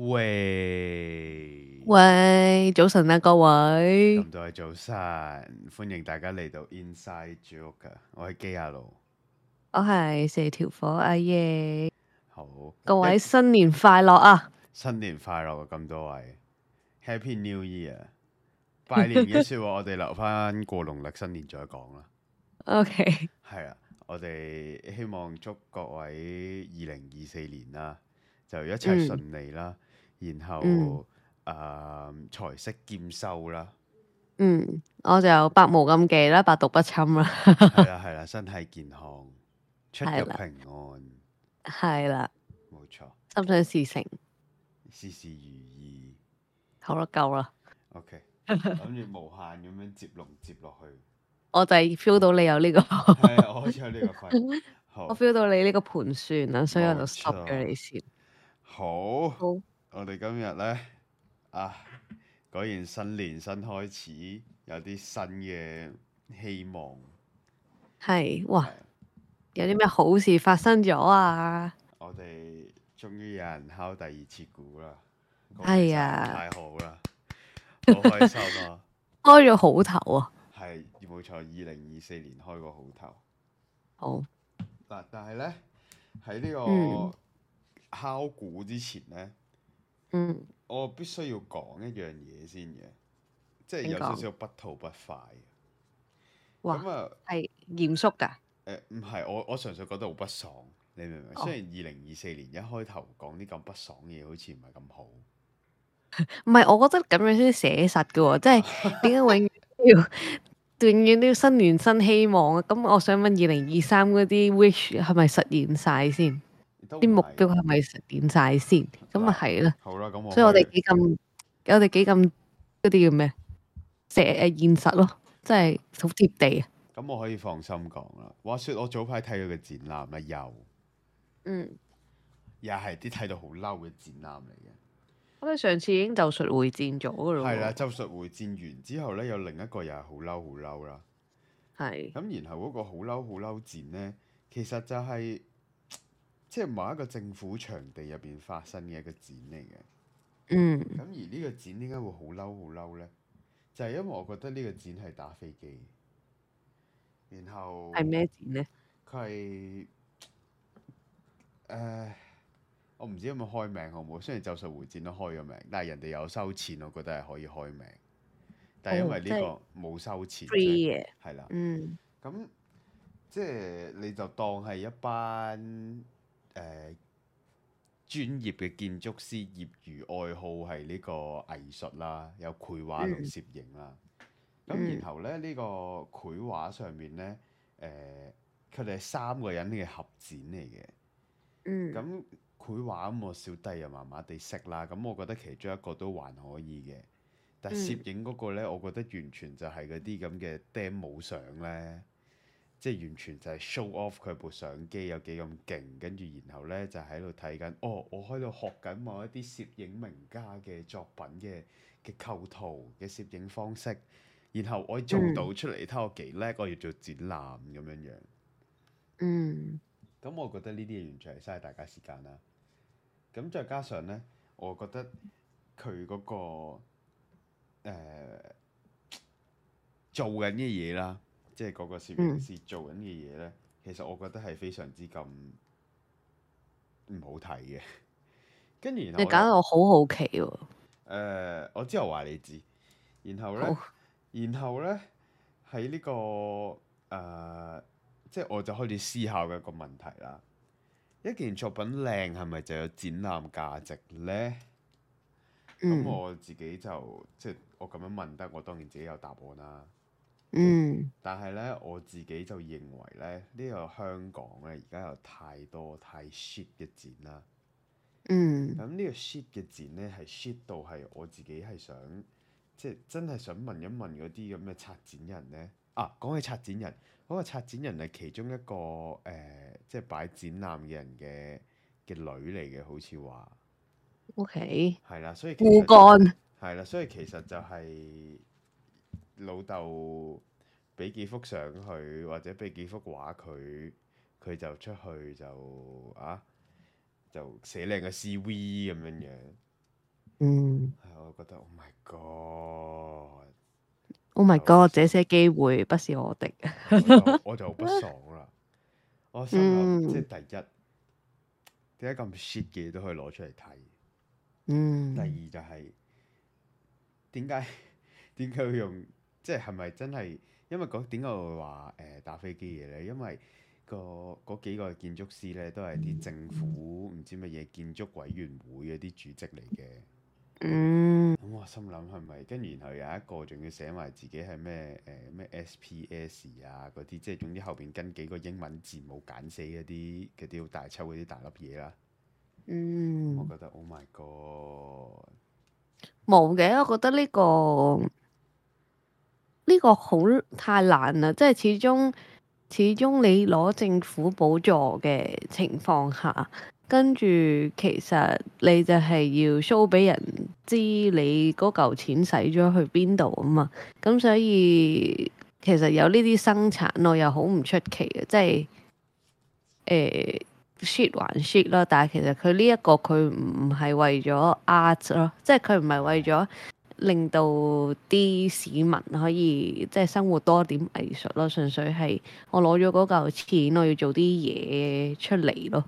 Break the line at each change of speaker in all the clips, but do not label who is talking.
喂
喂，早晨啊，各位咁
多位早晨，歡迎大家嚟到 Inside Joke，我係基亞奴，我
係四條火阿耶，好，各位新年快樂啊，
新年快樂啊，咁多位 Happy New Year，拜年嘅說話我哋留翻過農曆新年再講啦，OK，係啊，我哋希望祝各位二零二四年啦，就一切順利啦。然後誒，財色兼收啦。
嗯，我就百無禁忌啦，百毒不侵啦。
係啦係啦，身體健康，出入平安。
係啦，冇錯。心想事成，
事事如意。
好啦，夠啦。OK，諗
住無限咁樣接龍接落去。
我就係 feel 到你有呢個，係啊，我好似有呢個。我 feel 到你呢個盤算啦，所以我就 stop 咗你
先。好。我哋今日咧，啊，果然新年新開始，有啲新嘅希望。
係，哇！的有啲咩好事發生咗啊？
我哋終於有人敲第二次鼓啦！係啊，太好啦，好、哎、呀
開心啊！ 開咗好頭啊！
係冇錯，二零二四年開個好頭。好嗱、啊，但係咧喺呢個敲鼓之前咧。嗯嗯，我必須要講一樣嘢先嘅，即係有少少不吐不快。
哇！咁啊，係嚴肅噶。
誒、呃，唔係，我我純粹覺得好不爽，你明唔明？哦、雖然二零二四年一開頭講啲咁不爽嘢，好似唔係咁好。
唔係， 我覺得咁樣先寫實噶、哦，即係點解永遠都要永遠都要新年新希望啊？咁我想問是是，二零二三嗰啲 wish 係咪實現晒先？啲目標係咪成點晒先？咁啊係啦。好啦，咁所以我哋幾咁，我哋幾咁嗰啲叫咩？石誒現實咯，真係好貼地啊。
咁我可以放心講啦。話說我早排睇佢嘅展覽啊，又嗯，又係啲睇到好嬲嘅展覽嚟
嘅。我哋上次已經咒術迴戰咗噶啦。係啦，
咒術迴戰完之後咧，有另一個又係好嬲好嬲啦。係的。咁然後嗰個好嬲好嬲戰咧，其實就係、是。即係某一個政府場地入邊發生嘅一個展嚟嘅，嗯。
咁
而呢個展點解會好嬲好嬲咧？就係、是、因為我覺得呢個展係打飛機，然後係咩展咧？佢係誒，我唔知有冇開名好唔好？雖然咒術回戰都開咗名，但係人哋有收錢，我覺得係可以開名。但係因為呢個冇收錢，嗯、所以係啦、嗯。嗯。咁即係你就當係一班。誒、呃、專業嘅建築師，業餘愛好係呢個藝術啦，有繪畫同攝影啦。咁、嗯、然後咧，呢、呢個繪畫上面咧，誒佢哋係三個人嘅合展嚟嘅。嗯。咁繪畫咁我，小弟又麻麻地識啦。咁我覺得其中一個都還可以嘅，
但攝
影嗰個咧，我覺得完全就係嗰啲咁嘅 demo 相咧。即係完全就係 show off 佢部相機有幾咁勁，跟住然後呢就喺度睇緊，哦，我喺度學緊某一啲攝影名家嘅作品嘅嘅構圖嘅攝影方式，然後我做到出嚟睇、嗯、我幾叻，我要做展覽咁樣樣。
嗯。
咁我覺得呢啲完全係嘥大家時間啦。咁再加上呢，我覺得佢嗰個，呃，做緊嘅嘢啦。即係嗰個攝影師做緊嘅嘢咧，嗯、其實我覺得係非常之咁唔好睇嘅。跟 住然後我，你搞到我好
好奇喎、
哦呃。我之後話你知。然後咧，好然後咧，喺呢、這個誒、呃，即係我就開始思考一個問題啦。一件作品靚係咪就有展覽價值咧？咁、嗯、我自己就即係我咁樣問得，我當然自己有答案啦。嗯，但係咧，我自己就認為咧，呢、這個香港咧而家有太多太 shit 嘅展啦。
嗯，咁、
嗯這個、呢個 shit 嘅展咧，係 shit 到係我自己係想，即係真係想問一問嗰啲咁嘅策展人咧。啊，講起策展人，嗰、那個策展人係其中一個誒、呃，即係擺展覽嘅人嘅嘅女嚟嘅，好似話。
O K。係啦，所以。護干。
係啦，所以其實就係、是。干老豆俾幾幅相佢，或者俾幾幅畫佢，佢就出去就啊，就寫靚個 CV 咁樣樣。
嗯。係，我
覺得 Oh my God，Oh
my God，這些機會不是我的。 我就好不
爽啦！ 我心諗，嗯、即係第一，點解咁 shit 嘅嘢都可以攞出嚟睇？
嗯。第二
就係點解點解會用？即係係咪真係？因為嗰點解我會話誒、呃、打飛機嘅嘢咧？因為個嗰幾個建築師咧都係啲政府唔、嗯、知乜嘢建築委員會嗰啲主席嚟嘅。
嗯。咁我、嗯、
心諗係咪跟？然後有一個仲要寫埋自己係咩誒咩 S P S 啊嗰啲，即係總之後邊跟幾個英文字母簡寫嗰啲嗰啲好大抽嗰啲大粒嘢啦。
嗯，我、oh。我
覺得 Oh my God。
冇嘅，我覺得呢個。呢個好太難啦！即係始終始終你攞政府補助嘅情況下，跟住其實你就係要 show 俾人知你嗰嚿錢使咗去邊度啊嘛！咁、嗯、所以其實有呢啲生產咯，又好唔出奇嘅，即係誒 shit 還 shit 啦。但係其實佢呢一個佢唔係為咗 art 咯，即係佢唔係為咗。令到啲市民可以即係生活多一點藝術咯，純粹係我攞咗嗰嚿錢，我要做啲嘢出嚟咯。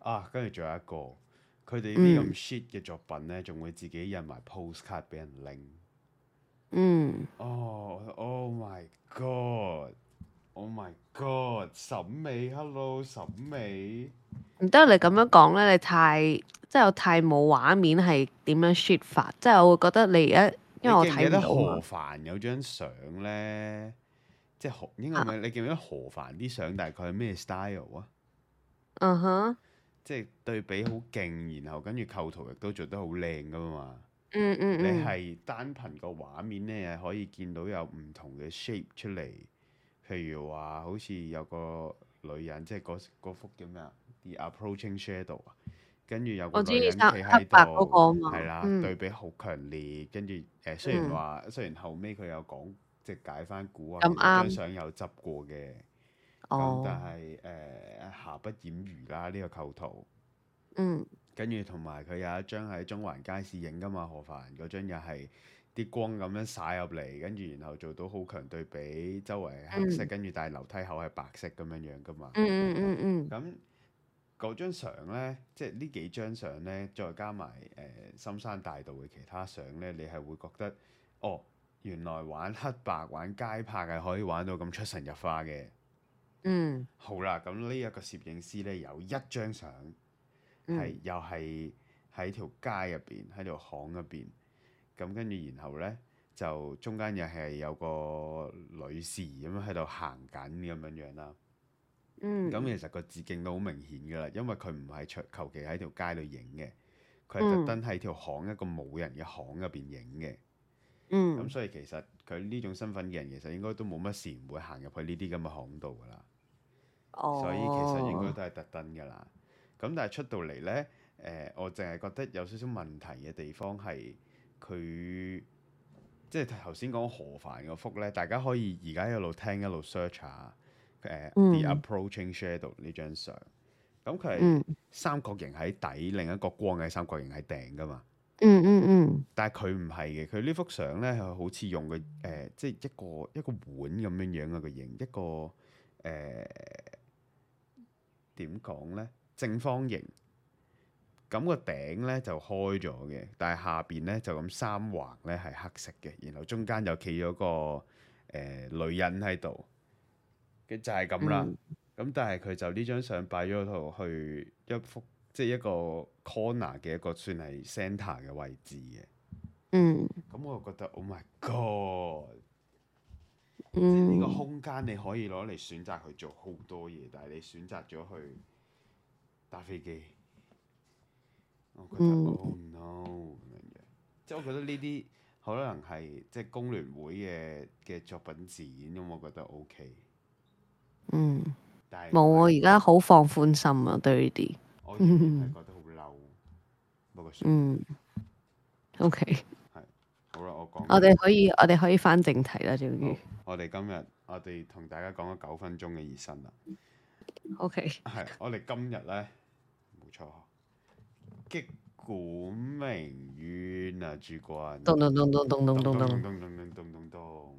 啊，跟住仲有一個，佢哋啲咁 shit 嘅作品咧，仲會自己印埋 postcard 俾人拎。
嗯。哦
，oh, oh, oh my god! Oh my god! 審美，hello 審美。
唔得，你咁樣講咧，你太即係我太冇畫面係點樣抒發，即係我會覺得你一因為我睇唔到。記得何
凡有張相咧，即係何應該係咪你記唔記得何凡啲相大概係咩 style 啊？嗯哼、uh，即、huh. 係對比好勁，然後跟住構圖亦都做得好靚㗎嘛。
Mm-hmm. 你係
單憑個畫面咧，可以見到有唔同嘅 shape 出嚟，譬如話好似有個女人，即係嗰嗰幅叫咩啊？The approaching shadow 啊，跟住有個女人企喺度，係啦、嗯、對比好強烈。跟住誒雖然話，雖然、嗯、雖然後尾佢有講即係解翻估，啊好，張相有執過嘅，咁、哦、但係誒、呃、下筆掩瑜瑕不掩瑜啦呢、這個構圖，嗯、跟住同埋佢有一張喺中環街市影噶嘛，何凡嗰張又係啲光咁樣灑入嚟，跟住然後做到好強對比，周圍黑色、嗯、跟住但係樓梯口係白色咁樣樣噶嘛，咁。Okay 嗯嗯嗯。嗰張相呢，即係呢幾張相呢，再加埋誒、呃、深山大道嘅其他相呢，你係會覺得哦，原來玩黑白玩街拍係可以玩到咁出神入化嘅。
嗯，
好啦，咁呢一個攝影師呢，有一張相係、嗯、又係喺條街入邊喺條巷入邊，咁跟住然後呢，就中間又係有個女士咁樣喺度行緊咁樣樣啦。嗯，咁、嗯、其實個致敬都好明顯噶啦，因為佢唔係出求其喺條街度影嘅，佢係特登喺條巷一個冇人嘅巷入邊影嘅。嗯，
咁、嗯、
所以其實佢呢種身份嘅人，其實應該都冇乜事，唔會行入去呢啲咁嘅巷度噶啦。哦、所以其實應該都係特登噶啦。咁但係出到嚟呢，誒、呃，我淨係覺得有少少問題嘅地方係佢，即係頭先講何凡嗰幅呢，大家可以而家一路聽一路 search 下。誒、uh, The approaching shadow 呢張相，咁佢係三角形喺底，嗯、另一個光嘅三角形喺頂㗎嘛。嗯嗯嗯。但係佢唔係嘅，佢呢幅相咧係好似用嘅誒、呃，即係一個一個碗咁樣樣嘅個形，一個誒點講咧正方形。咁個頂咧就開咗嘅，但係下邊咧就咁三橫咧係黑色嘅，然後中間又企咗個誒、呃、女人喺度。就係咁啦，咁、嗯、但係佢就呢張相擺咗度，去一幅即係、就是、一個 corner 嘅一個算係 center 嘅位置嘅。嗯。咁我就覺得 oh my god、
嗯、即係呢個空
間你可以攞嚟選擇去做好多嘢，但係你選擇咗去搭飛機，我覺得、嗯、oh no 咁樣。即係我覺得呢啲可能係即係工聯會嘅嘅作品展咁，我覺得 OK。
嗯，冇啊、mm.，而家好放寬心啊，對呢啲，我真係覺得好嬲。不、ouais. 算 ye ,、okay.。嗯，O K，係好啦，我講，我哋可以，我哋可以翻正題啦，終於。
我哋今日我哋同大家講咗九分鐘嘅熱身啦。
O K，係
我哋今日咧，冇錯，擊鼓鳴冤啊，諸君。咚咚咚咚咚咚咚咚咚咚咚咚咚咚。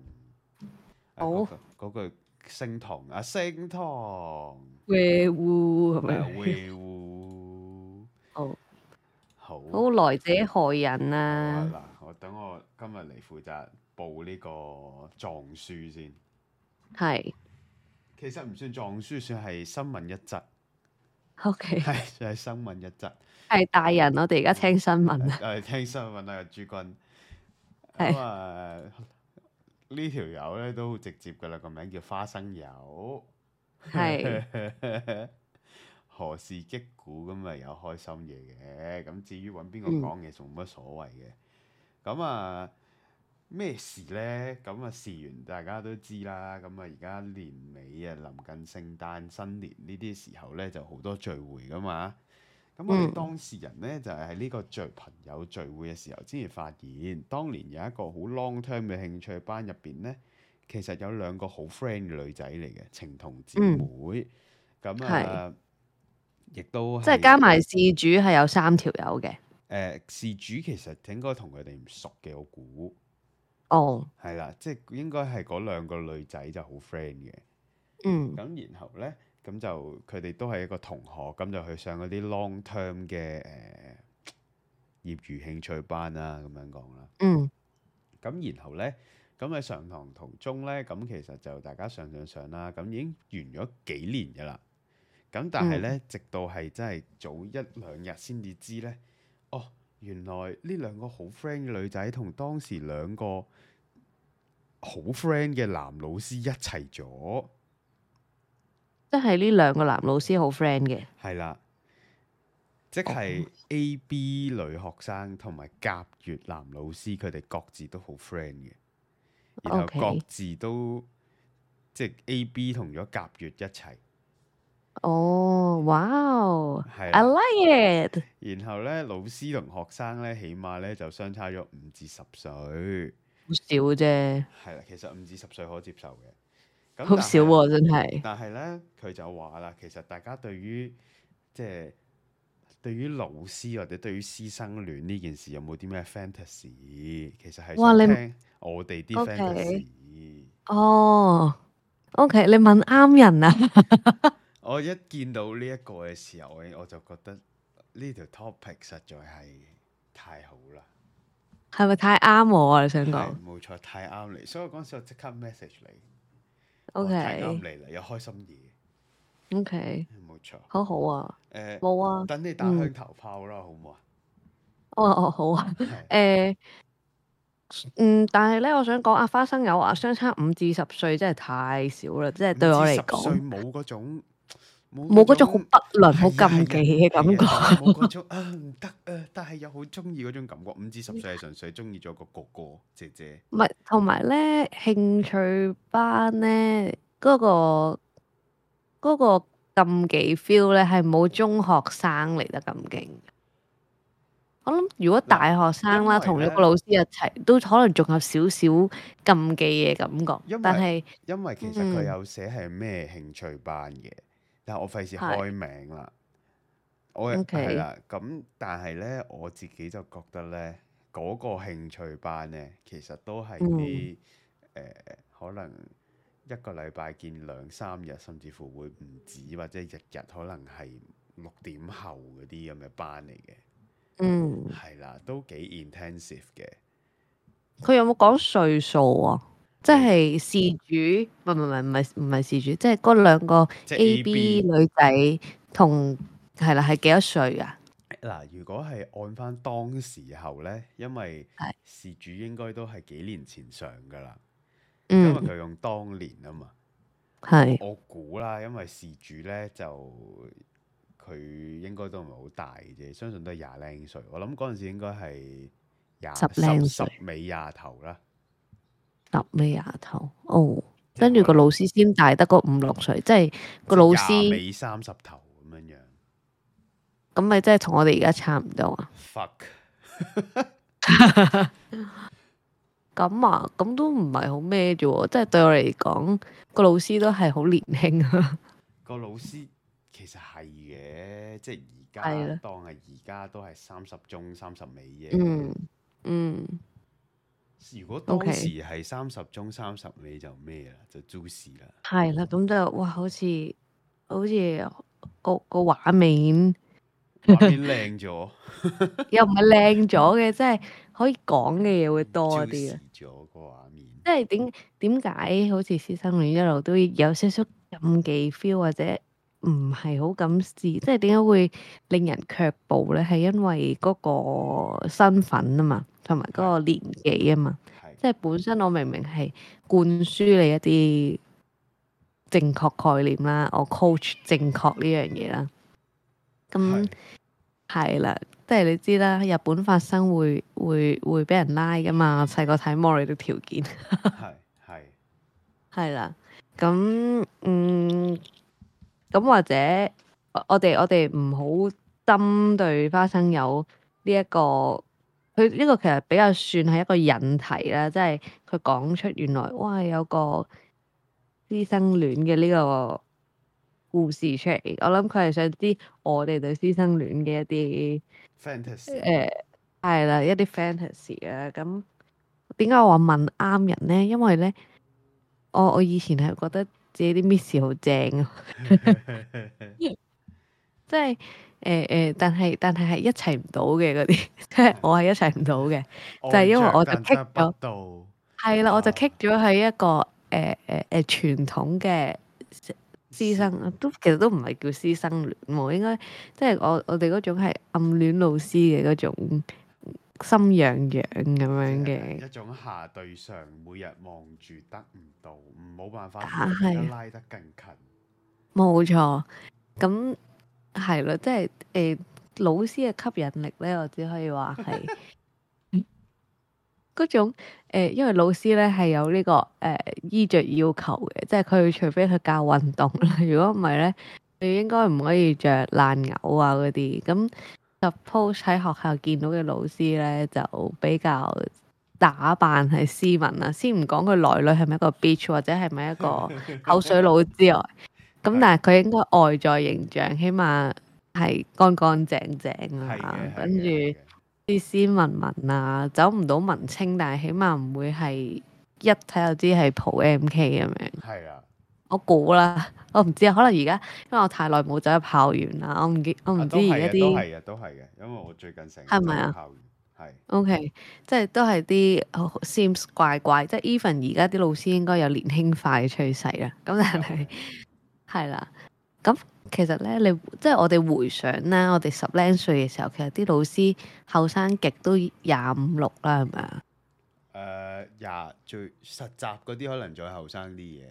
好，嗰句。聖堂啊，聖堂，
維護咁樣，維護，好，好，好來者害人啊！嗱，
我等我今日嚟負責報呢個狀書先，係，其實唔算狀書，算係新聞一則，OK，係，算係新聞一則，
係大人，我哋而家聽新聞啊，
係聽新聞啊，朱君，
咁
啊。條呢條友咧都好直接噶啦，個名叫花生友。係是 何事擊鼓咁啊？有開心嘢嘅咁，至於揾邊個講嘢，仲冇乜所謂嘅。咁啊，咩事呢？咁啊，事完大家都知啦。咁啊，而家年尾啊，臨近聖誕、新年呢啲時候呢，就好多聚會噶嘛。咁我哋當事人咧就係喺呢個聚朋友聚會嘅時候，先至發現當年有一個好 long term 嘅興趣班入邊咧，其實有兩個好 friend 嘅女仔嚟嘅，情同姊妹。咁、嗯、啊，係。亦都即係加埋事
主係有三條友嘅。
誒、呃，事主其實應該同佢哋唔熟嘅，我估。
哦。
係啦，即係應該係嗰兩個女仔就好 friend 嘅。嗯。咁然後咧。咁就佢哋都係一個同學，咁就去上嗰啲 long term 嘅誒業餘興趣班啦、啊，咁樣講啦。嗯。咁然後咧，咁喺上堂途中咧，咁其實就大家上上上啦，咁已經完咗幾年㗎喇。咁但係咧，嗯、直到係真係早一兩日先至知咧，哦，原來呢兩個好 friend 嘅女仔同當時兩個好 friend 嘅男老師一齊咗。
即係呢兩個男老師好 friend 嘅，
係啦，即係 A、B 女學生同埋甲乙男老師，佢哋各自都好 friend 嘅，
然後
各自都 Okay. 即係 A、B 同咗甲乙一齊。哦，
哇哦，係 I like it。
然後咧，老師同學生咧，起碼咧就相差咗五至十歲，
好少啫。
係啦，其實五至十歲可接受嘅。好少喎，啊，真係。但係呢，佢就話啦，其實大家對於即係對於老師或者對於師生戀呢件事，有冇啲咩 fantasy？其實係想聽你聽我哋啲 fantasy。哦 okay.
Oh, OK，你問啱人啊！
我一見到呢一個嘅時候，我就覺得呢條 topic 實在係太好啦。
係咪太啱我啊？你想講？
冇錯，太啱你，所以嗰時我即刻 message 你。O.K. 嚟啦，又開心嘢。
O.K. 冇錯，好好啊。誒，冇啊。等你打響
頭炮啦，好唔好
啊？哦哦，好啊。誒，嗯，但係咧，我想講啊，花生友啊，相差五至十歲，真係太少啦，即係對我嚟講。
冇嗰種。
冇嗰種好不倫、好禁忌嘅感覺。唔得
誒，但係又好中意嗰種感覺。五至十歲係純粹中意咗個哥哥姐姐。
唔係，同埋咧興趣班咧嗰、嗰個、嗰個禁忌 feel 咧係冇中學生嚟得咁勁。我諗如果大學生啦，同一個老師一齊，都可能仲有少少禁忌嘅感覺。為但係是因為其實佢有
寫係咩興趣班嘅。但係我費事開名啦，okay. 我係啦，咁、啊、但係咧，我自己就覺得咧，嗰、那個興趣班咧，其實都係啲誒，可能一個禮拜見兩三日，甚至乎會唔止，或者日日可能係六點後嗰啲咁嘅班嚟嘅。嗯，係啦、嗯，都幾 intensive 嘅。
佢有冇講歲數啊？即係事主，唔唔唔唔係唔係事主，即係嗰兩個 A 是、B 女仔同係啦，係幾多歲啊？
嗱，如果係按翻當時候咧，因為事主應該都係幾年前上噶啦，嗯、因為佢用當年啊嘛。
係是我
估啦，因為事主咧就佢應該都唔係好大嘅啫，相信都係廿零歲。我諗嗰陣時應該係廿十十尾廿頭啦。
揼尾牙頭？哦、oh, 頭，跟住個老師先大得個五六歲，即係個老師。廿尾
三十頭咁樣樣，
咁咪即係同我哋而家差唔多啊？咁 Fuck. 啊，咁都唔係好咩啫？即係對我嚟講，個老師都係好年輕啊。
個老師其實係嘅，即、就、係、是、的而家當係而家都係三十中三十尾嘅。嗯
嗯。
如果當時係三十中三十尾就咩啦，就 juicy 啦。
係啦，咁就哇，好似好似個個畫面，畫面
靚咗， 又唔係靚
咗嘅， 即係可以講嘅嘢會多啲啊。Juicy
咗，個畫面
即係點點解好似師生戀一路都有少少禁忌 feel，或者唔係好敢試？即係點解會令人卻步咧？係因為嗰個身份啊嘛。同埋嗰個年紀啊嘛，的即係本身我明明係灌輸你一啲正確概念啦，我 coach 正確呢樣嘢啦，咁係啦，即係你知啦，日本發生會會會俾人拉噶嘛，細個睇《魔女》的條件，
係
係係啦，咁嗯咁或者我哋我哋唔好針對花生友呢一個。佢呢個其實比較算係一個引題啦，即係佢講出原來哇有個師生戀嘅呢個故事出嚟，我諗佢係想知我哋對師生戀嘅一啲 fantasy，誒係啦，一啲 fantasy 啊，咁點解我話問啱人咧？因為咧，我我以前係覺得自己啲 Miss 好正啊，即係。誒誒、呃，但係但係係一齊唔到嘅嗰啲， 我係一齊唔到嘅，哦、就係因為我就棘咗。係啦、哦，我就棘咗喺一個誒誒誒傳統嘅師生，私 都其實都唔係叫師生戀喎，應該即係我我哋嗰種係暗戀老師嘅嗰種心癢癢咁樣嘅。一
種下對上，每日望住得唔到，冇辦法想拉得更近。
冇錯、哎，咁。係咯，即係誒、欸，老師嘅吸引力咧，我只可以話係嗰種誒、欸，因為老師咧係有呢、這個誒衣着要求嘅，即係佢除非佢教運動啦，如果唔係咧，佢應該唔可以着爛牛啊嗰啲。咁就 suppose 喺學校見到嘅老師咧，就比較打扮係斯文啦、啊，先唔講佢來女係咪一個 bitch 或者係咪一個口水佬之外。 咁、嗯、但係佢應該外在形象，起碼係乾乾淨淨啊，的跟住啲斯文文啊，走唔到文青，但係起碼唔會係一睇就知係蒲 MK 咁樣。係啊的，我估啦，我唔知啊，可能而家因為我太耐冇走入校園啦，我唔見我唔知而家啲都係都係嘅，
都係嘅，因為我最近成日入校園。係
咪啊？係 OK，即係都係啲好 seems 怪怪，即係 even 而家啲老師應該有年輕化嘅趨勢啦。咁但係。對 係啦，咁其實咧，你即係我哋回想啦，我哋十零歲嘅時候，其實啲老師後生極都廿五六啦，係咪啊？
誒，廿最實習嗰啲可能再後生啲嘢。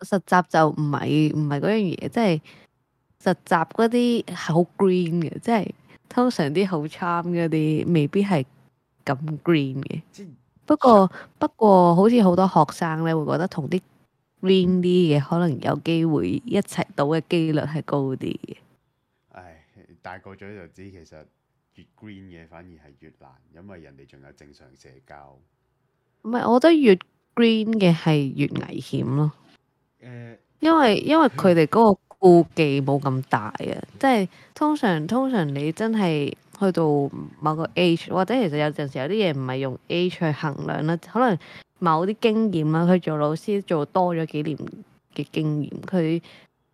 實習就唔係唔係嗰樣嘢，即係實習嗰啲係好 green 嘅，即係通常啲好 charm 嗰啲未必係咁 green 嘅。不過不過，好似好多學生咧會覺得同啲。green 啲嘅可能有機會一齊到嘅機率係高啲嘅。
唉，大個咗就知，其實越 green 嘢反而係越難，因為人哋仲有正常社交。
唔係，我覺得越 green 嘅係越危險咯。誒、欸，因為因為佢哋嗰個顧忌冇咁大啊，嗯、即係通常通常你真係去到某個 age，或者其實有陣時有啲嘢唔係用 age 去衡量啦，可能。某啲經驗啦，佢做老師做多咗幾年嘅經驗，佢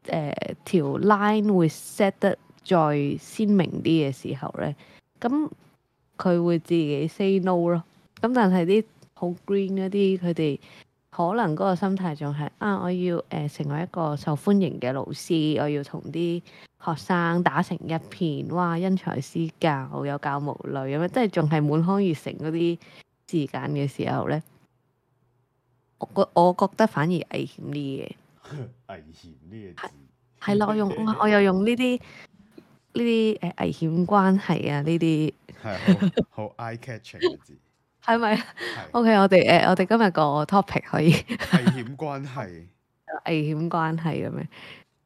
誒、呃、條 line 會 set 得再鮮明啲嘅時候咧，咁佢會自己 say no 咯。咁但係啲好 green 嗰啲，佢哋可能嗰個心態仲係啊，我要誒成為一個受歡迎嘅老師，我要同啲學生打成一片，哇，因材施教，有教無類咁樣，即係仲係滿腔熱誠嗰啲時間嘅時候咧。我我覺得反而危險啲嘅，
危險啲嘅字
係啦，我用我又用呢啲呢啲誒危險關係啊呢啲係好
好 eye catching 嘅，啊，字
係咪 OK 我哋誒，呃、我哋今日個 topic 可以
危險關係，
啊、 危險關係咁樣。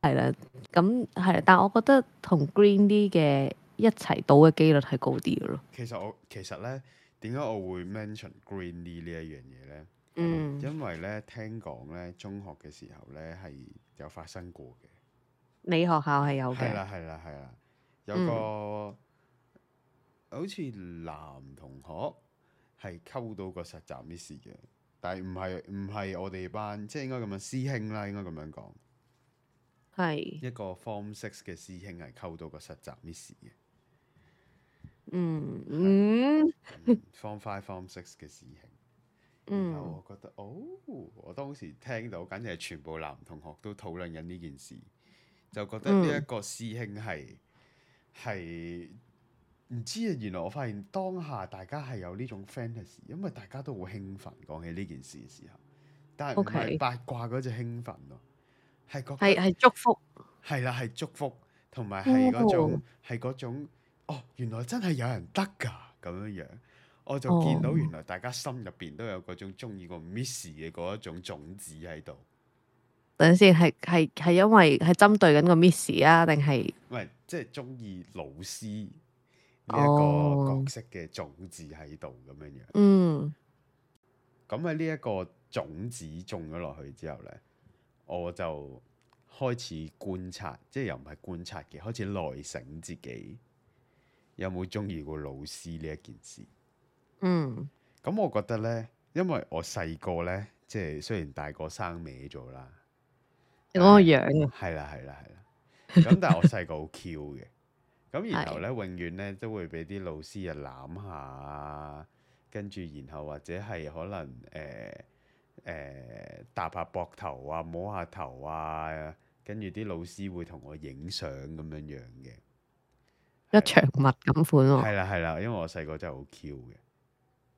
係 啦，咁係，但係我覺得同 green 啲嘅，e、一齊賭嘅幾率係高啲嘅咯。
其實我其實咧，點解我會 mention green 啲呢一樣嘢咧？s 嗯，因為咧聽講咧中學嘅時候咧係有發生過嘅，
你學校係有嘅，係啦
係啦係啦，有個、嗯、好似男同學係溝到個實習 miss 嘅，但係唔係唔係我哋班，即係應該咁樣師兄啦，應該咁樣講，
係是
一個 form six 嘅師兄係溝到個實習 miss 嘅，嗯嗯，form five form six 嘅師兄。嗯，我覺得，哦，我當時聽到，簡直係全部男同學都討論緊呢件事，就覺得呢一個師兄係係唔知啊！原來我發現當下大家係有呢種 fantasy，因為大家都好興奮講起呢件事嘅時候，但係唔係八卦嗰隻興奮咯，係、嗰個係係祝福，係啦，係祝福，同埋係嗰種係嗰種，哦，哦，原來真係有人得㗎咁樣樣。我就見到原來大家心入邊都有嗰種中意個 miss 嘅嗰一種種子喺度。
等陣先，係係係因為係針對緊個 miss 啊，定係
喂，即係中意老師呢
一個角
色嘅種子喺度咁樣樣。嗯，咁喺呢一個種子種咗落去之後咧，我就開始觀察，即係又唔係觀察嘅，開始內省自己有冇中意過老師呢一件事。嗯，咁我覺得咧，因為我細個咧，即係雖然大個生歪咗啦，
我個樣啊，
係啦係啦係啦，咁但係我細個好 Q 嘅，咁然後咧，永遠咧都會俾啲老師啊攬下，跟住然後或者係可能誒誒搭下膊頭啊，摸下頭啊，跟住啲老師會同我影相咁樣樣嘅，
一長物咁款，啊，係啦
係啦，因為我細個真係好 Q 嘅。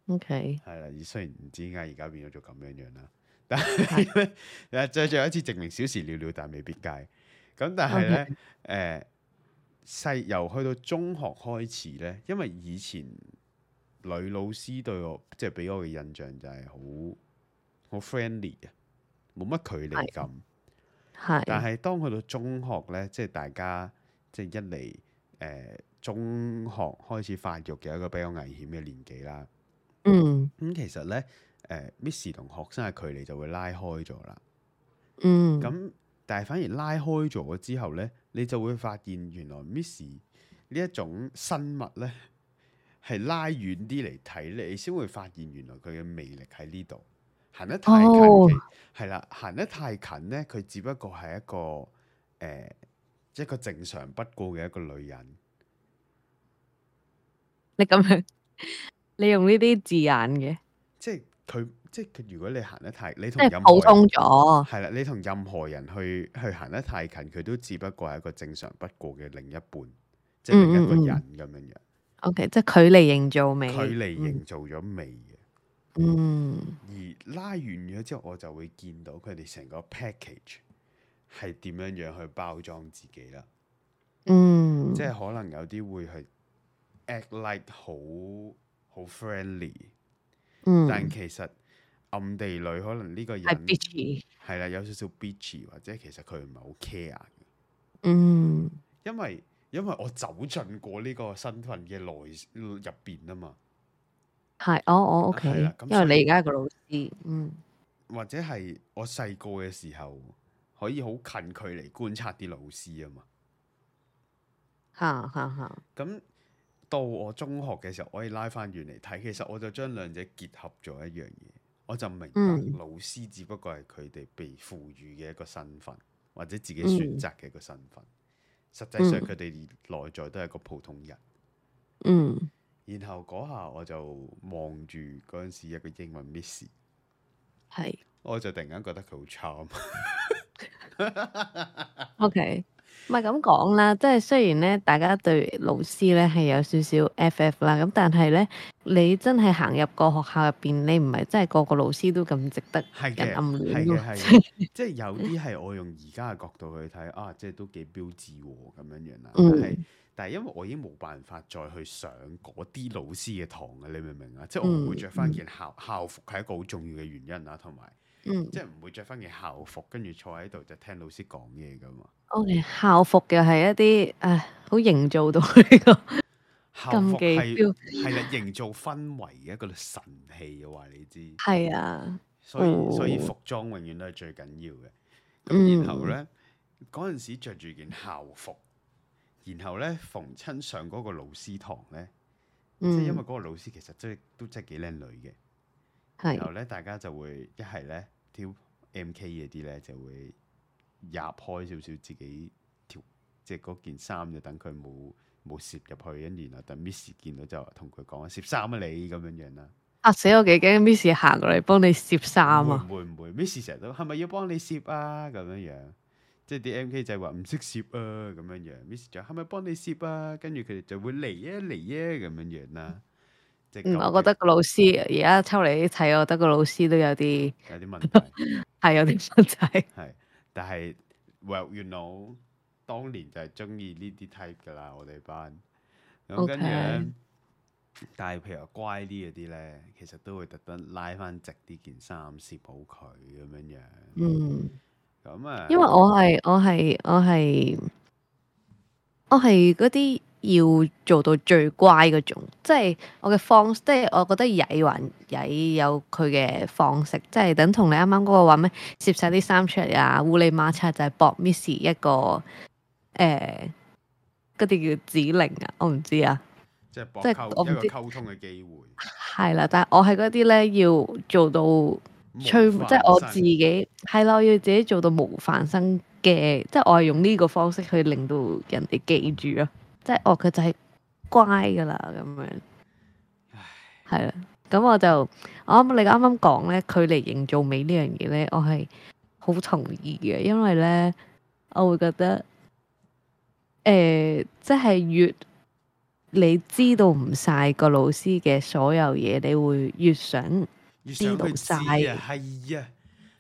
OK，係啦。而雖然唔知點解而家變咗做咁樣樣啦，但係誒，的最後一次證明小時了了，但係未必佳。咁但係咧，誒細由去到中學開始咧，因為以前女老師對我即係俾我嘅印象就係好好 friendly 啊，冇乜距離感。係的。但係當去到中學咧，即係大家即係一嚟誒、呃、中學開始發育嘅一個比較危險嘅年紀啦。嗯，咁、嗯、其實咧，誒，Miss 同學生嘅距離就會拉開咗啦。嗯，
咁
但係反而拉開咗之後咧，你就會發現原來 Miss 呢一種生物咧，係拉遠啲嚟睇咧，你先會發現原來佢嘅魅力喺呢度。
行得太近
係啦，行、哦、得太近咧，佢只不過係一個誒、呃，一個正常不過嘅一個女人。
你咁樣？你用呢啲字眼嘅，即
係佢，即係如果你行得太，你同即係普通咗，係啦，你同任何人去去行得太近，佢都只不過係一個正常不過嘅另一半，嗯、即係另一個人咁樣樣。
OK，即係距離營造未？距離營
造咗未嘅，
嗯。
嗯而拉完咗之後，我就會見到佢哋成個 package 係點樣樣去包裝自己啦。嗯，嗯即係可能有啲會係 act like 好。好很 friendly，嗯、但其實暗地裏可能呢個人係 bitchy，係啦，有少少 bitchy 或者其實佢唔係好 care 嗯，因為因為我走進過呢個身份嘅內入邊啊嘛，
係我我 OK，因為你而家係個老師，嗯，
或者係我細個嘅時候可以好近距離觀察啲老師啊嘛，
吓吓吓，
咁、啊。啊到我中學嘅時候，我以拉翻原嚟睇，其實我就將兩者結合咗一樣嘢，我就明白、嗯、老師只不過係佢哋被賦予嘅一個身份，或者自己選擇嘅一個身份。嗯、實際上佢哋內在都係個普通人。嗯、然後嗰下我就望住嗰陣時一個英文 Miss，係是，我就突然間覺得佢好 charm。
O K。唔係咁講啦，即係雖然咧，大家對老師咧係有少少 FF 啦，咁但係咧，你真係行入個學校入邊，你唔係真係個個老師都咁值得的人暗戀咯。 即
係有啲係我用而家嘅角度去睇，啊，即係都幾標緻喎咁樣樣啊。嗯、但係但係因為我已經冇辦法再去上嗰啲老師嘅堂嘅，你明唔明啊？嗯、即係我唔會着返件校校服，係一個好重要嘅原因啊，同埋。嗯、即係唔會着返件校服，跟住坐喺度就聽老師講嘢㗎嘛？我
哋 Okay, 是校服嘅係一啲誒，好營造到呢、這個 校服係禁忌，係啦，
營造氛圍嘅一個神器嘅話，你知係啊、嗯。
所以所以服
裝永遠都係最緊要嘅。咁然後咧，嗰陣、嗯、時着住件校服，然後咧逢親上嗰個老師堂咧，嗯、
即係因為
嗰個老師其實真係都真係幾靚女嘅，是然後咧，大家就會一係咧。M.K. 嗰啲咧，就會入開少少自己條，即係嗰件衫就等佢冇冇攝入去，跟住然後等 Miss 見到就同佢講，攝衫啊你咁樣樣啦，
嚇、啊、死我幾驚！Miss 行過嚟幫你攝衫啊，
會唔會？Miss 成日都係咪要幫你攝啊？咁樣樣，即係啲 M.K. 仔話唔識攝啊，咁樣樣，Miss 就係咪幫你攝啊？跟住佢哋就會嚟啊嚟啊咁樣樣啦。 我覺
得個老師而家抽嚟啲睇，我覺得，個老，我覺得個老師都有啲、嗯、有啲問題，係 有啲問題。
係，但係 well, you know，當年就係中意呢啲 type 㗎啦，我哋班。咁跟住但係譬如話乖啲嗰啲咧，其實都會特登拉翻直啲件衫，攝好佢咁樣樣。
嗯。
咁啊樣。因為
我係我係我係我係嗰啲。要做到最乖嗰種，即係我嘅方式。即係我覺得曳還曳有佢嘅方式，即係等同你啱啱嗰個話咩，攝晒啲衫出嚟啊，烏裏馬擦就係博 miss 一個誒嗰啲叫指令啊，我唔知啊，即係博，即係是我個溝
通嘅
機會係啦，但係我係嗰啲咧要做到催，即係我自己係咯，要自己做到模範生嘅，即係我係用呢個方式去令到人哋記住咯、啊。即係哦，佢就係乖噶啦，咁樣係啦。咁唉我就我啱，你啱啱講咧，距離營造美呢樣嘢咧，我係好同意嘅，因為咧我會覺得，誒、呃，即、就、係、是、越你知道唔晒個老師嘅所有嘢，你會越想越知道晒。
係啊，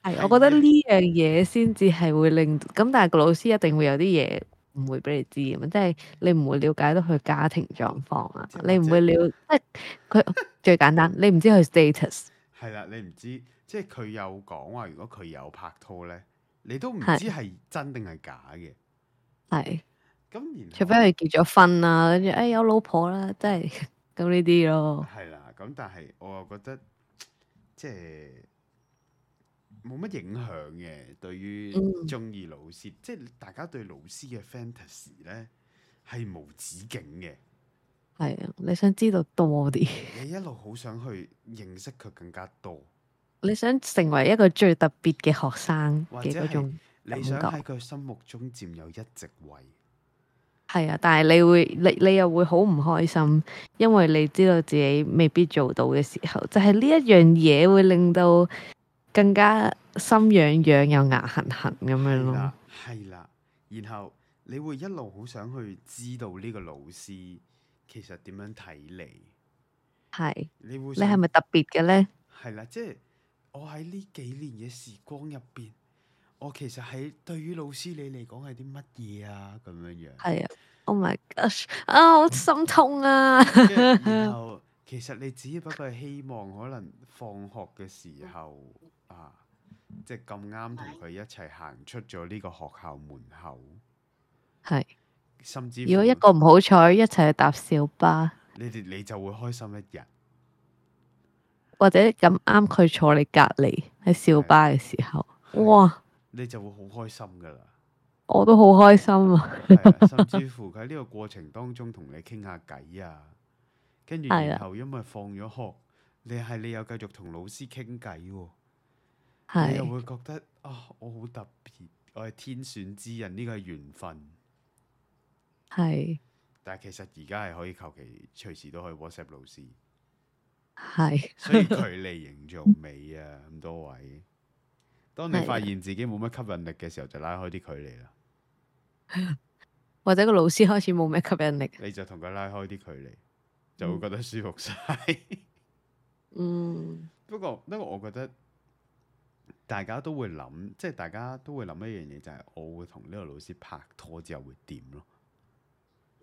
係，我覺得呢樣嘢先至係會令咁，但係個老師一定會有啲嘢。唔會俾你知啊嘛，即係你唔會了解到佢家庭狀況啊，你唔會了解，即係佢最簡單，你唔知佢 status。
係啦，你唔知，即係佢有講話，啊，如果佢有拍拖咧，你都唔知係真定係假嘅。
係。咁然，除非佢結咗婚啦，跟住誒有老婆啦，即係咁呢啲咯。係
啦，咁但係我又覺得即係。冇乜影響嘅，對於中意老師，嗯、即係大家對老師嘅 fantasy 咧係無止境嘅。
係啊，你想知道多啲？你一
路好想去認識佢更加多。
你想成為一個最特別嘅學生嘅嗰種感覺，或者你想
喺佢心目中佔有一席位。
係啊，但係你會，你你又會好唔開心，因為你知道自己未必做到嘅時候，就係、是、呢一樣嘢會令到，更加心癢癢又牙痕痕咁樣咯，係
啦，然後你會一路好想去知道呢個老師其實點樣睇你，
係的，你會想你係咪特別嘅咧？係
啦，即係我喺呢幾年嘅時光入邊，我其實喺對於老師你嚟講係啲乜嘢啊咁樣樣？係啊
，Oh my gosh 啊，好心痛啊， 然後。
其實你只不過係希望，可能放學嘅時候啊，即係咁啱同佢一齊行出咗呢個學校門口，
係
是。甚至乎如果一
個唔好彩，一齊去搭小巴，
你哋你就會開心一日。
或者咁啱佢坐你隔離喺小巴嘅時候，啊、哇！
你就會好開心㗎喇。
我都好開心啊， 係啊。甚
至乎喺呢個過程當中，同你傾下偈啊。跟住，然後因為放咗學，你係的你又繼續同老師傾偈，的你又會覺得啊、哦，我好特別，我係天選之人，呢、這個係緣分
係。
的但係其實而家係可以求其隨時都可以 WhatsApp 老師
係，的所以距
離形造美啊，咁多 位。當你發現自己冇乜吸引力嘅時候，就拉開啲距離啦。
或者個老師開始冇咩吸引力，
你就同佢拉開啲距離。就會覺得舒服晒。 嗯，不過因為我覺得大家都會諗，即係大家都會諗一樣嘢，就係我會同呢個老師拍拖之後會點咯。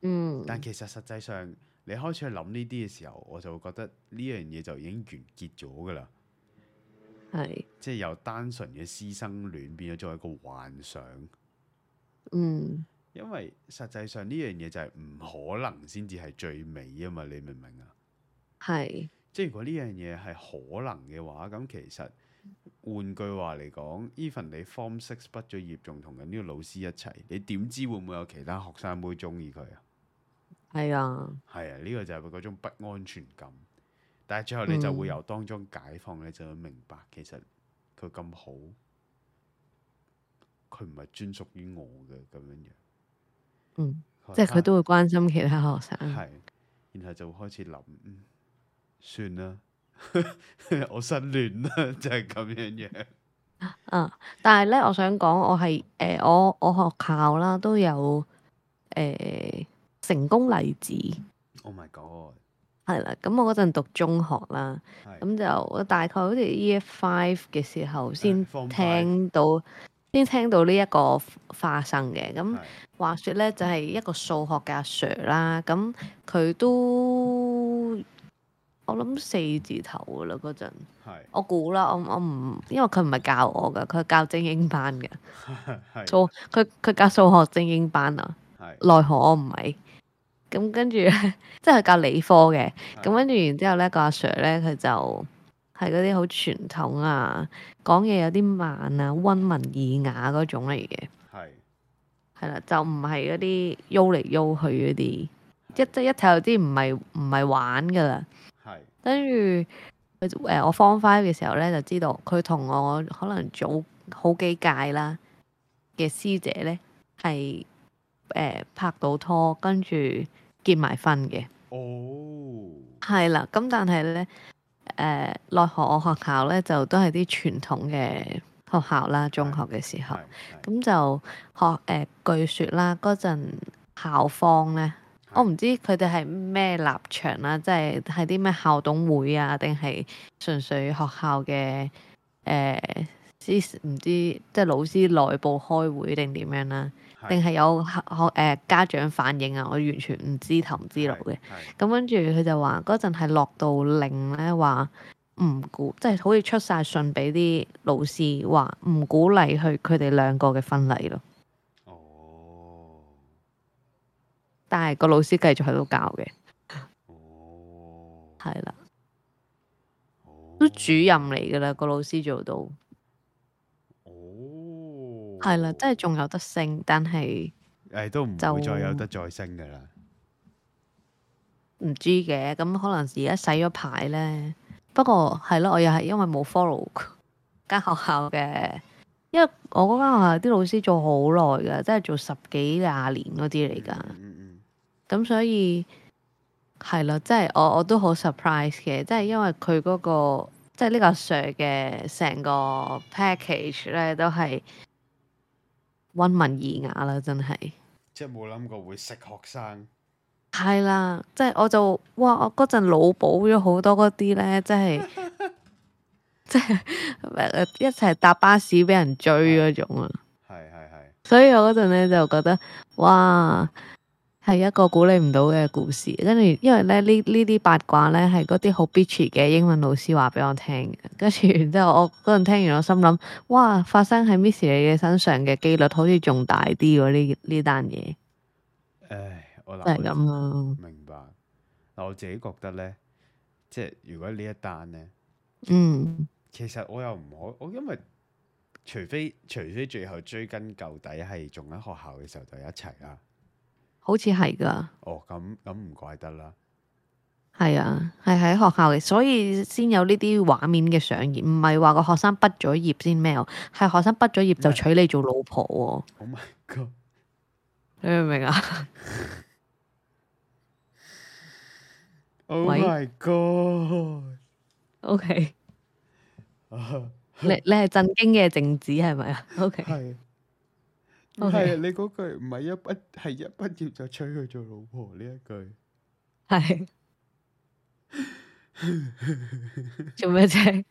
嗯。但其實實際上你開始去諗呢啲嘅時候，我就會覺得呢樣嘢就已經完結咗噶啦。係。即係由單純嘅師生戀變咗做一個幻想。
嗯。
因為實際上呢樣嘢就係唔可能先至係最美啊嘛，你明唔明啊？
係是。即
係如果呢樣嘢係可能嘅話，咁其實換句話嚟講，even 你 form six 畢咗業仲同緊呢個老師一齊，你點知會唔會有其他學生會中意佢，學生妹中意佢啊？係啊。係啊，呢個就係嗰種不安全感。但係最後你就會由當中解放，你就會明白、嗯、其實佢咁好，佢唔係專屬於我嘅咁樣樣。
嗯，嗯，即係佢都會關心其他學生，
係，然後就開始諗、嗯，算啦， 我失戀啦，就係咁樣樣。
啊，但係咧，我想講、呃，我係誒，我我學校啦都有誒、呃、成功例子。
我唔係講、Oh、
my God！係啦，咁我嗰陣讀中學啦，咁的就我大概好似 F.5 嘅時候先、哎、呀聽到。先聽到呢一個花生嘅，咁是話説咧就係、是、一個數學嘅阿 Sir 啦，咁佢都我諗四字頭噶啦嗰陣，我估啦，我我唔，因為佢唔係教我噶，佢教精英班嘅，做佢佢教數學精英班啊，奈何是我唔係，咁跟住 即係佢教理科嘅，咁是跟住然之後咧、個阿 Sir 咧佢就。係嗰啲好傳統啊，講嘢有啲慢啊，溫文爾雅嗰種嚟嘅。
係是。
係啦，就唔係嗰啲喐嚟喐去嗰啲，是一即一睇就知唔係唔係玩㗎啦。係是。跟住誒，我 Form Five 嘅時候咧，就知道佢同我可能早好幾屆啦嘅師姐咧，係誒、呃、拍到拖，跟住結埋婚嘅。哦、
oh。
係、嗯、啦，咁但係咧。誒、uh, 內河學，學校咧就都係啲傳統嘅學校啦，中學嘅時候，咁、right. Right . right. 就學誒、呃、據說啦，嗰陣校方咧，Right. 我唔知佢哋係咩立場啦，即係係啲咩校董會啊，定係純粹學校嘅誒師唔知即係、就是、老師內部開會定點樣啦？定係有學誒、呃、家長反應啊！我完全唔知頭唔知路嘅。咁跟住佢就話嗰陣係落到令咧話唔鼓，即係、就是、好似出晒信俾啲老師話唔鼓勵去佢哋兩個嘅婚禮咯。哦！Oh. 但係個老師繼續喺度教嘅。哦。係啦。都主任嚟噶啦，個老師做到。係啦，即係仲有得升，但係
誒都唔會再有得再升噶啦。
唔知嘅，咁可能而家洗咗牌咧。不過係咯，我又係因為冇 follow 間學校嘅，因為我嗰間學校啲老師做好耐噶，即係做十幾廿年嗰啲嚟噶。咁、嗯嗯嗯、所以係咯，即係我我都好 surprise 嘅，即係因為佢嗰個即係呢個阿 Sir 嘅成個 package 咧都係。溫文爾雅啦，真係，即係冇諗過會識學生，係啦，即係我就，哇，我嗰陣腦補咗好多嗰啲咧，即係即係一齊搭巴士俾人追嗰種啊，係係係，所以我嗰陣咧就覺得哇。係一個鼓勵唔到嘅故事，跟住因為咧呢呢啲八卦咧係嗰啲好 bitchy 嘅英文老師話俾我聽嘅，跟住然之後我嗰陣聽完我心諗，哇發生喺 Miss 你嘅身上嘅機率好似仲大啲喎呢呢單嘢。
誒，我諗都係咁啦。啊、明白嗱，我自己覺得咧，即係如果呢一單咧，嗯，其實我又唔可我因為除非除非最後追根究底係仲喺學校嘅時候就一齊啦。
好似係噶，
哦咁咁唔怪得啦，
係 啊，係喺學校嘅，所以先有呢啲畫面嘅上演，唔係話個學生畢咗業先咩？係學生畢咗業就娶你做老婆、哦哎
？Oh
my god！你明唔明啊 ？Oh my god！OK，你你係震驚嘅靜止係咪啊？OK。 係 Okay. 啊，
你嗰句唔係一畢係一畢業就娶佢做老婆呢一句。
係。做咩啫？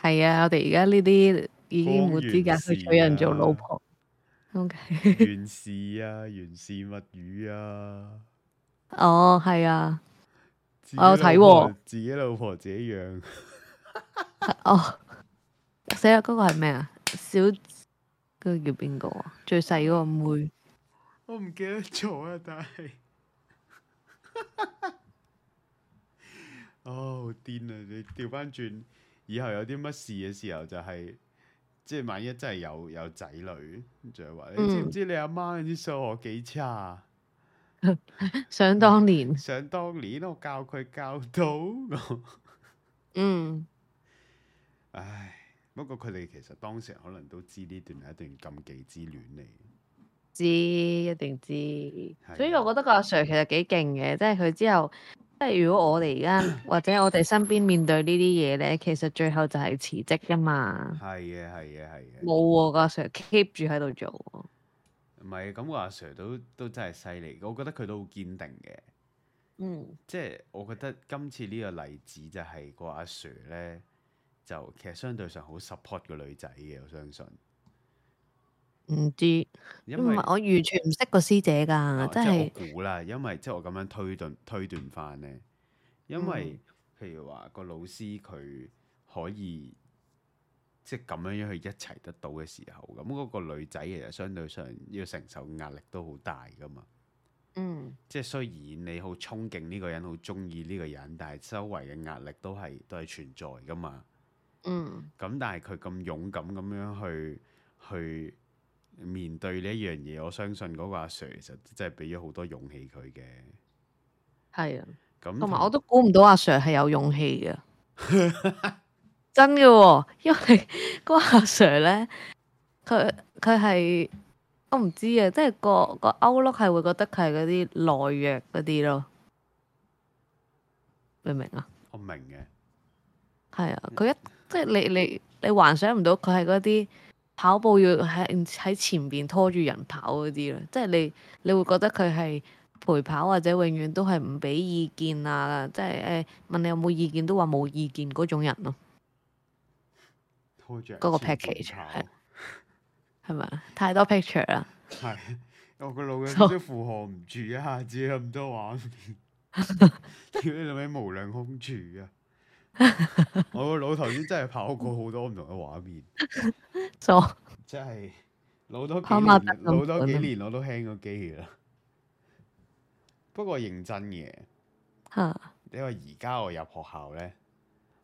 係啊，我哋而家呢啲已經冇資格去娶人做老婆。O K。
源氏啊，源氏物語啊。
哦，係啊。我有睇喎、
哦。自己老婆自己養。
哦。死啦！嗰、那個係咩啊？小。嗰個叫邊個啊？最細嗰個妹，
我唔記得咗啊！但係，
哦
癲啊！你調翻轉，以後有啲乜事嘅時候，就係，就係即係萬一真係有有仔女，仲係話你知唔知你阿媽啲數學幾差？
想當年，
想當年我教佢教到， 嗯，唉。不過佢哋其實當時可能都知呢段係一段禁忌之戀嚟，
知一定知。係嘅。所以我覺得個阿 Sir 其實幾勁嘅，即係佢之後，即係如果我哋而家或者我哋身邊面對呢啲嘢咧，其實最後就係辭職噶嘛。係嘅，係嘅，係嘅。冇，個阿 Sir keep 住喺度做，
唔係，噉個阿 Sir 都都真係犀利。我覺得佢都好堅定嘅。嗯。即係我覺得今次呢個例子就係個阿 Sir 咧，就其實相對上好 support 個女仔嘅，我相信。
唔知，因為，因為我完全唔識個師姐噶，哦、真係即係
估啦。因為即係我咁樣推斷推斷翻呢，
因為
譬如話個老師佢可以、嗯、即係咁樣樣去一齊得到嘅時候，咁、那、嗰個女仔其實相對上要承受嘅壓力都好大噶嘛。嗯、即係雖然你好憧憬呢個人，好中意呢個人，但係周圍嘅壓力都係都係存在噶嘛。嗯，咁但係佢咁勇敢咁樣去去面對呢一樣嘢，我相信嗰個阿 Sir 其實真係俾咗好多勇氣佢嘅。
係啊，咁同埋我都估唔到阿 Sir 係有勇氣嘅。 真嘅，啊，因為嗰個阿 Sir 咧，佢佢係我唔知啊，即係個個 outlook 係會覺得佢係嗰啲懦弱嗰啲咯，明唔明啊？我明嘅，係啊，佢一。即係你你你幻想唔到佢係嗰啲跑步要喺喺前邊拖住人跑嗰啲啦，即係你你會覺得佢係陪跑或者永遠都係唔俾意見啊，即係誒、欸、問你有冇意見都話冇意見嗰種人咯、啊。
拖住人，嗰個
package 係咪啊？太多 picture 啦。係
我個腦根本都負荷唔住， 一下子咁多畫、啊、片。屌你老味無良公主啊！ 我個腦頭先真係跑過好多唔同嘅畫面，
做
真係老多幾年， 老多幾年我都輕過機器啦。 不過認真嘅，吓，因為而家我入學校咧，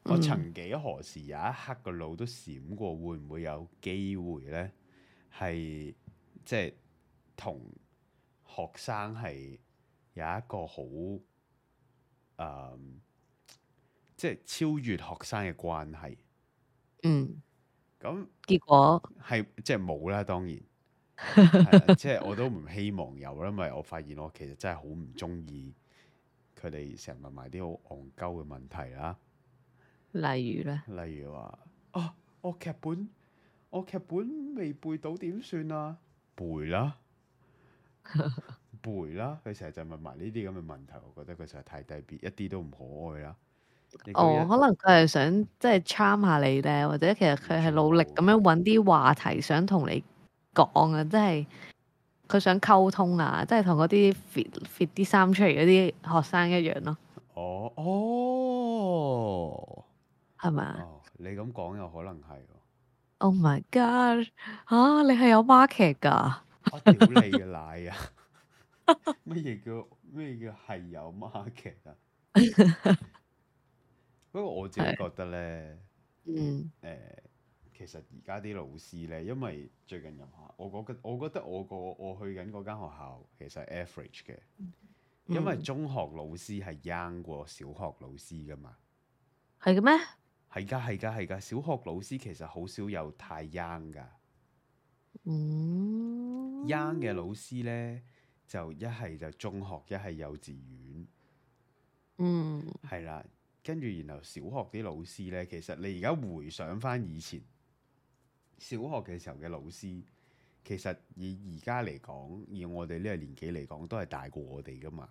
我曾幾何時有一刻個腦都閃過，會唔會有機會咧？係即係同學生係有一個好誒。呃即係超越學生嘅關係，
嗯，咁那結果
係即係冇啦，當然，即係、 就是、我都唔希望有啦，因為我發現我其實真係好唔中意佢哋成日問埋啲好戇鳩嘅問題啦，例如咧，例如話，哦、啊，我劇本我劇本未背到點算啊，背啦， 背啦，佢成日就問埋呢啲咁嘅問題，我覺得佢實在太低 b，一啲都唔可愛啦。哦，可能佢係
想即係 charm 下你咧，或者其實佢係努力咁樣揾啲話題想同你講啊，即係佢想溝通啊，即係同嗰啲 fit fit 啲衫出嚟嗰啲學生一樣咯。
哦哦，係咪？哦，吧哦你咁講又可能係、哦。
Oh my god！吓、啊，你係有 market 噶？我屌你嘅奶啊！
乜 嘢叫乜嘢叫係有 market 啊？ 不過我自己覺得咧，誒、嗯，其實而家啲老師咧，因為最近入學，我我我覺得我個我去緊嗰間學校其實係 average 嘅，嗯、因為中學老師係 young 過小學老師噶嘛，
係嘅咩？
係噶係噶係噶，小學老師其實好少有太 young 噶，
嗯
，young 嘅老師咧就一係就中學，一係幼稚園，
嗯，
係啦。跟住，然後小學啲老師呢，其實你而家回想返以前小學嘅時候嘅老師，其實以而家嚟講，以我哋呢個年紀嚟講，都係大過我哋㗎嘛。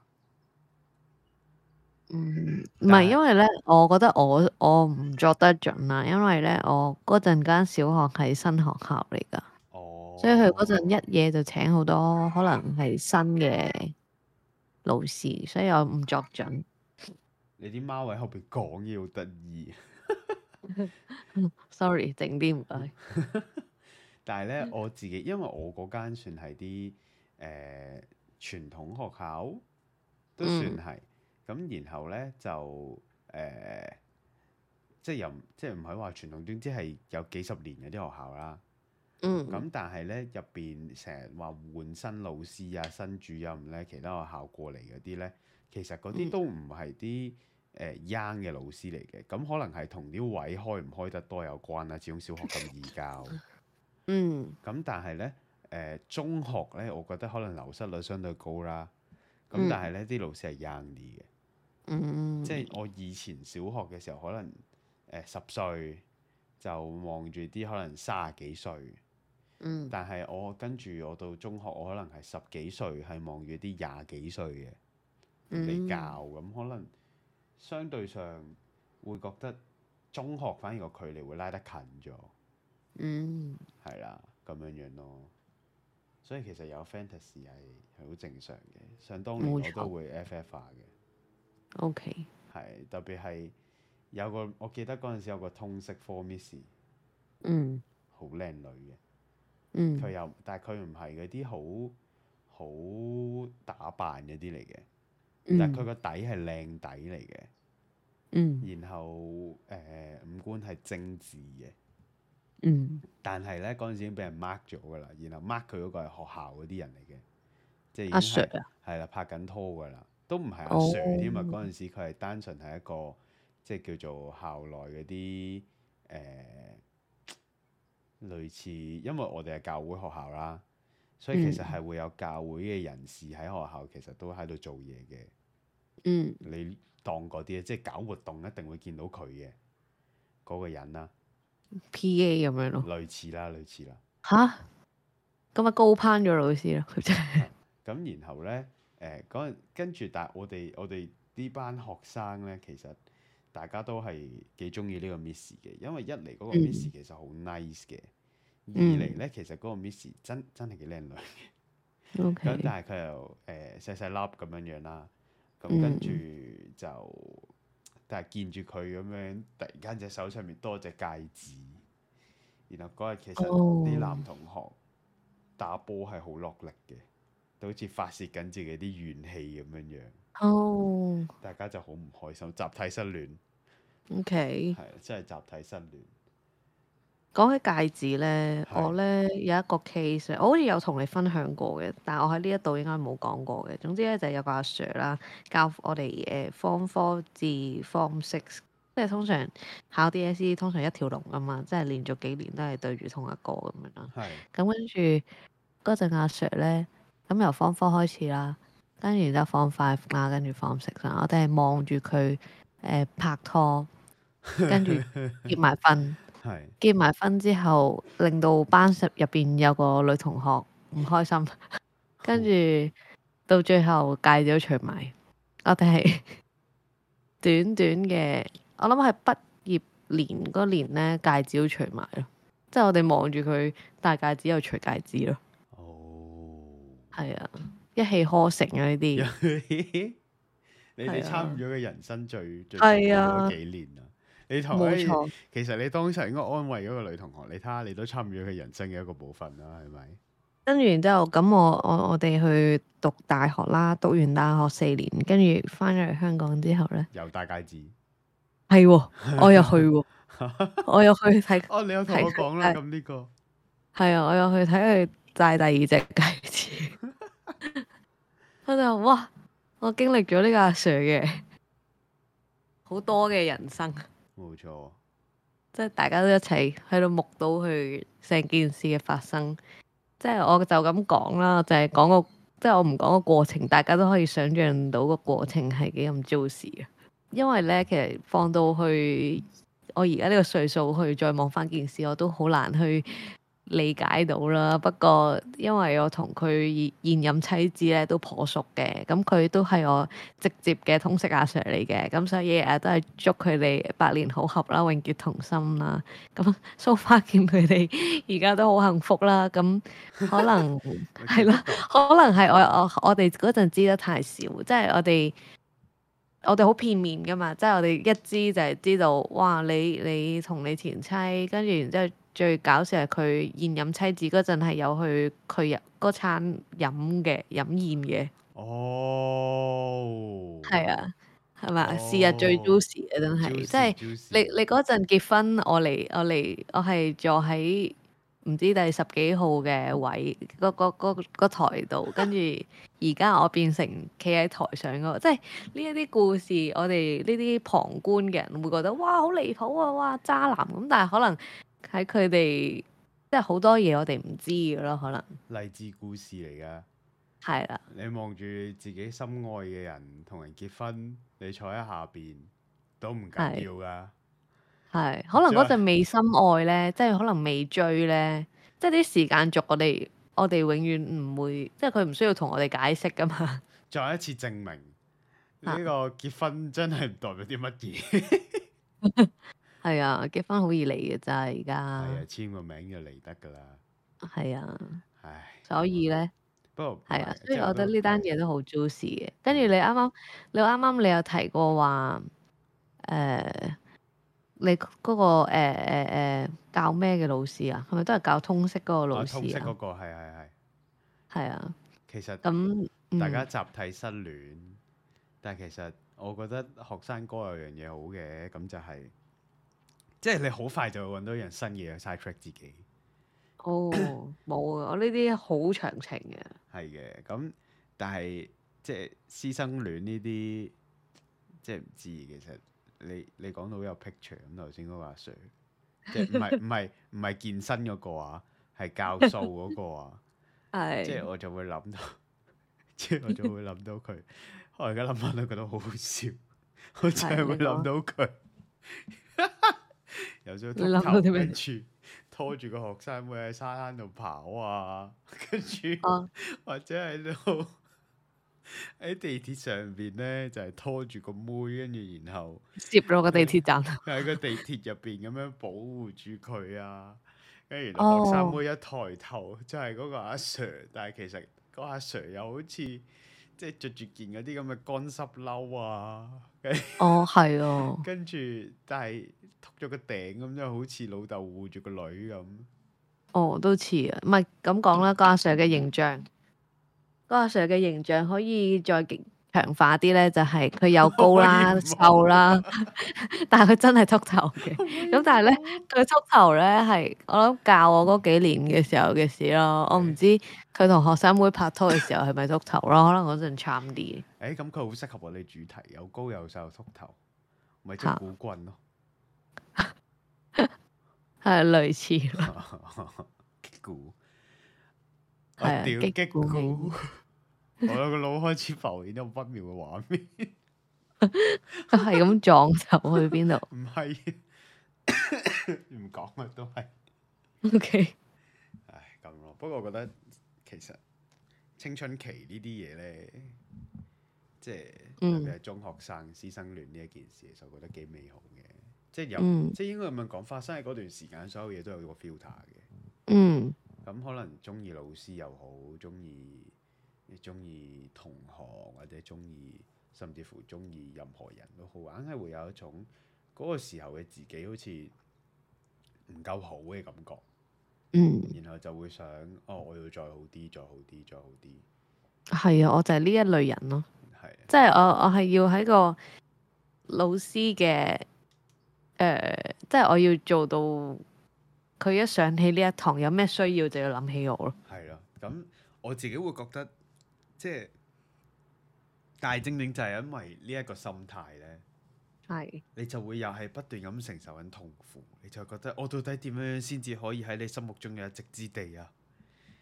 唔係、嗯、但係因為呢，我覺得我我唔作得準啦，因為呢，我嗰陣間小學係新學校嚟㗎，哦、所以佢嗰陣一嘢就請好多可能係新嘅老師，所以我唔作準。
你啲貓喺後邊講嘢好得意
，sorry 靜啲唔該。
但係咧我自己，因為我嗰間算係啲誒傳統學校，都算係。咁、嗯、然後咧就誒、呃，即係又即係唔可以話傳統啲，即係有幾十年嗰啲學校啦。嗯，咁但係咧入邊成日話換新老師啊、新主任咧，其他學校過嚟嗰啲咧，其實嗰啲都唔係啲誒 young 嘅老師嚟嘅，咁可能係同啲位開唔開得多有關啦。始終小學咁易教，嗯，咁但係咧誒中學咧，我覺得可能流失率相對高啦，
咁但係
咧啲老師係 young 啲嘅，
即
係我以前小學嘅時候，可能誒十歲就望住啲可能卅幾歲。但係我跟住我到中學，我可能係十幾歲，係望住啲廿幾歲嘅你教咁，嗯、可能相對上會覺得中學反而個距離會拉得近咗。嗯，係啦，咁樣樣咯。所以其實有 fantasy 係係好正常嘅。想當年我都會 ff 化嘅。
OK，
係特別係有個我記得嗰陣時有個通識科 Miss，y, 嗯，好靚女嘅。佢、嗯、又，但係佢唔係嗰啲好好打扮嗰啲嚟嘅，嗯、
但係佢個
底係靚底嚟嘅，
嗯、
然後誒、呃、五官係精致嘅，嗯、但係咧嗰陣時已經俾人 mark 咗噶啦，然後 mark 佢嗰個係學校嗰啲人嚟嘅，即係已經 s 係啦、啊、阿 Sir? 拍緊拖噶啦，都唔係阿 Sir 添啊，嗰陣、哦、時佢係單純係一個即係、就是、叫做校內嗰啲誒。呃類似，因為我哋係教會學校啦，嗯、所以其實係會有教會嘅人士喺學校，其實都喺度做嘢嘅。嗯，你當嗰啲咧，即係搞活動一定會見到佢嘅嗰個人啦。
P. A. 咁樣咯、啊，類
似啦，類似啦。
吓，咁咪高攀咗老師咯，佢真係。
咁然後咧，誒、呃，嗰跟住，但係我哋我哋呢班學生咧，其實。大家都係幾中意呢個 Miss 嘅，因為一嚟嗰個 Miss 其實好 nice 嘅，
嗯、二嚟
呢其實嗰個 Miss 真真係幾靚女。
O、嗯、但
係佢又誒、呃、細細粒咁樣樣啦，咁、嗯、跟住就但係見住佢咁樣，突然間隻手上面多隻戒指，然後嗰日其實啲男同學打波係好落力嘅，都好似發泄緊自己啲怨氣咁樣樣。哦，oh, okay. 大家就好唔開心，集體失戀。
O K，係
真係集體失戀。
講起戒指咧，我咧是有一個 case，我好似有同你分享過嘅，但係我喺呢一度應該冇講過嘅。總之咧就係、有個阿 Sir 啦，教我哋誒、呃、form four 至 form six，即係通常考 DSE 通常一條龍噶嘛，即係連續幾年都係對住同一個咁樣啦。咁是跟住嗰陣阿 Sir 咧，咁由 form four 開始啦。跟住就放 five 啦、啊，跟住放 six 啦。我哋係望住佢誒拍拖，跟住
結埋婚，
結埋婚之後令到班室入邊有個女同學唔開心， 跟住到最後戒指都除埋。我哋係短短嘅，我諗係畢業年嗰年咧，戒指都除埋咯。即係我哋望住佢戴戒指又除戒指咯。哦，係啊。一氣呵成 你是啊！呢啲
你哋參與咗佢人生最是、啊、最多嗰幾年啊！你同，其實你當時應該安慰嗰個女同學，你睇下，你都參與咗佢人生嘅一個部分啦，係咪？
跟住然之後，咁我我我哋去讀大學啦，讀完大學四年，跟住翻咗嚟香港之後咧，
又戴戒指，
係喎，我又去喎，我又去睇，哦，你有同我講啦，咁呢個係啊，我又去睇佢戴第二隻戒指。我就話：哇！我經歷咗呢個阿 Sir 嘅好多嘅人生，冇錯，即係大家都一齊喺度目睹佢成件事嘅發生。即係我就咁講啦，就係講個，即係我唔講個過程，大家都可以想像到個過程係幾咁糟事啊！因為咧，其實放到去我而家呢個歲數去再望翻件事，我都好難去。理解到啦，不過因為我同佢現任妻子咧都頗熟嘅，咁、嗯、佢都係我直接嘅通識阿 Sir 嚟嘅，咁、嗯、所以日日都係祝佢哋百年好合啦，永結同心啦。咁 so far 見佢哋而家都好幸福啦，咁可能係咯，可能係 我我我哋嗰陣知得太少，即係我哋我哋好片面㗎嘛，即係我哋一知就係知道，哇！你你，你同你前妻跟住然之後。最搞笑係佢現任妻子嗰陣係有去佢入嗰餐飲嘅飲宴嘅。哦，係啊，係咪啊？是、哦、日最 juicy 啊，真係，即係汁你汁你嗰陣結婚，我嚟我嚟我係坐喺唔知第十幾號嘅位，個個個個台度，跟住而家我變成企喺台上嗰，即係呢一啲故事，我哋呢啲旁觀嘅人會覺得哇好離譜啊，哇，哇渣男咁，但係可能。喺佢哋即係好多嘢，我哋唔知噶咯，可能
勵志故事嚟噶，係啦的。你望住自己心愛嘅人同人結婚，你坐喺下邊都唔緊要噶。
係可能嗰陣未心愛咧，即係可能未追咧，即係啲時間軸，我哋我哋永遠唔會，即係佢唔需要同我哋解釋噶嘛。
再一次證明呢個結婚真係唔代表啲乜嘢。啊
係啊，結婚好易嚟嘅咋而家。係
啊，簽個名就嚟得噶啦。
係啊。唉。所以咧。不過如。係啊，就是、所以我覺得呢單嘢都好 juicy 嘅。如跟住你啱啱，你啱啱你有提過話，誒、呃，你嗰、那個誒誒誒教咩嘅老師啊？係咪都係教通識嗰個老師、啊啊、通識嗰、那
個係係係。
係啊。啊
啊其實那。咁大家集體失戀，嗯、但其實我覺得學生哥有樣嘢好嘅，咁就係、是。即係你好快就揾到一樣新嘢去 side track 自己。
哦，冇啊！我呢啲好長情嘅。
係嘅，咁但係即係師生戀呢啲，即係唔知其實你你講到有 picture 咁，頭先嗰個阿 Sir，即係唔係唔係唔係健身嗰、那個啊，係 教數嗰、那個啊，
即係我
就會諗到，即係我就會諗到佢， 我而家諗翻都覺得好好笑，我真係會諗到佢。有咗禿頭，跟住拖住個學生妹喺沙灘度跑啊，跟住或者喺
度喺
地鐵上邊咧就係、是、拖住個妹，跟住然後
接落個地鐵站，
喺個地鐵入邊咁樣保護住佢啊，跟住學生妹一抬頭就係嗰個阿 Sir，但係其實嗰阿 Sir 又好似。即係著住件嗰啲咁嘅乾濕褸啊， 哦，係啊、哦。跟住就係托咗個頂咁，即係好似老豆護住個女咁。
哦，都似啊，唔係咁講啦，個、嗯、阿 Sir 嘅形象，個阿 Sir 嘅形象可以再極。強化啲咧，就係佢又高啦、瘦啦，但係佢真係禿頭嘅。咁但係咧，佢禿頭咧係我諗教我嗰幾年嘅時候嘅事咯。我唔知佢同學生妹拍拖嘅時候係咪禿頭咯？可能嗰陣慘啲。
誒，咁佢好適合我哋主題，又高又瘦禿頭，咪擊鼓棍咯，
係類似咯，
擊鼓，
係擊鼓。
我個腦開始浮現一個不
妙嘅畫面，係咁撞走去邊度？唔
係，唔講咪都係。 o Okay . K，唉，咁咯。不過我覺得其實青春期呢啲嘢呢，即係特別係中學生師、嗯、生戀呢一件事，就覺得幾美好嘅。即係有，嗯、即係應該咁樣講，發生喺嗰段時間，所有嘢都有個 filter 嘅。
嗯，
咁可能中意老師又好，中意。你中意同學或者中意，甚至乎中意任何人都好玩，硬係會有一種嗰個時候嘅自己好似唔夠好嘅感覺。嗯，然後就會想哦，我要再好啲，再好啲，再好啲。
係啊，我就係呢一類人咯。係啊，即係我我係要喺個老師嘅誒，即、呃、係、即係、我要做到佢一想起呢一堂有咩需要就要諗起我咯。
係咯，啊，咁我自己會覺得。即係，但係正正就係因為呢一個心態咧，係是你就會又係不斷咁承受緊痛苦，你就覺得我到底點樣先至可以喺你心目中有一席之地啊？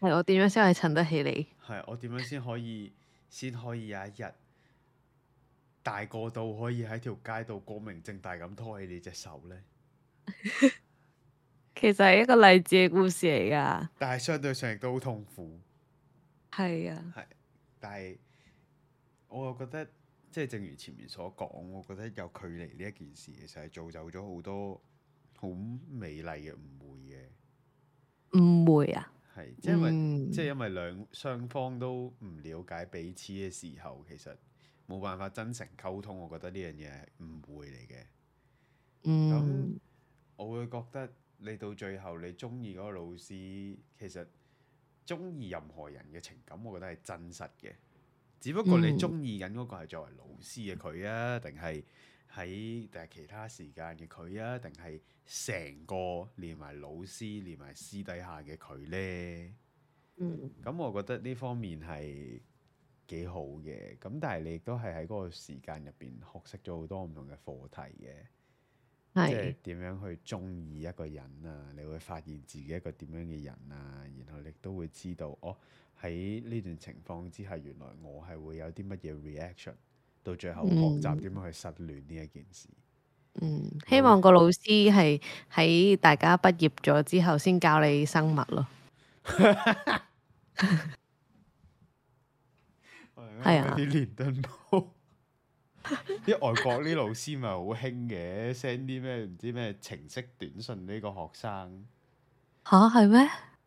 係我點樣先係襯得起你？
係我點樣先可以 先可以有一日大個到可以喺條街度光明正大咁拖起你隻手咧？
其實係一個勵志嘅故事嚟噶，
但係相對上亦都好痛苦。
係啊，係。
但係，我又覺得，即係正如前面所講，我覺得有距離呢一件事，其實係造就咗好多好美麗嘅誤會嘅
誤會啊！
係，即係因為、嗯、即係兩雙方都唔了解彼此嘅時候，其實冇辦法真誠溝通。我覺得呢樣嘢係誤會嚟嘅。
咁、嗯、
我會覺得你到最後你中意嗰個老師，其實。中意任何人嘅情感，我覺得係真實嘅。只不過你中意緊嗰個係作為老師嘅佢啊，定係喺定係其他時間嘅佢啊，定係成個連埋老師連埋私底下嘅佢呢？嗯，咁我覺得呢方面係幾好嘅。咁但係你亦都係喺嗰個時間入邊學識咗好多唔同嘅課題嘅。即係點樣去中意一個人啊？你會發現自己一個點樣嘅人啊？然後你都會知道，哦，喺呢段情況之下，原來我係會有啲乜嘢 reaction。到最後學習點樣、嗯、去失戀呢一件事。
嗯，希望個老師係喺大家畢業咗之後先教你生物咯。係
啊。 啲外國啲老師咪好興嘅，send 啲咩唔知咩情色短信呢個學生吓係咩？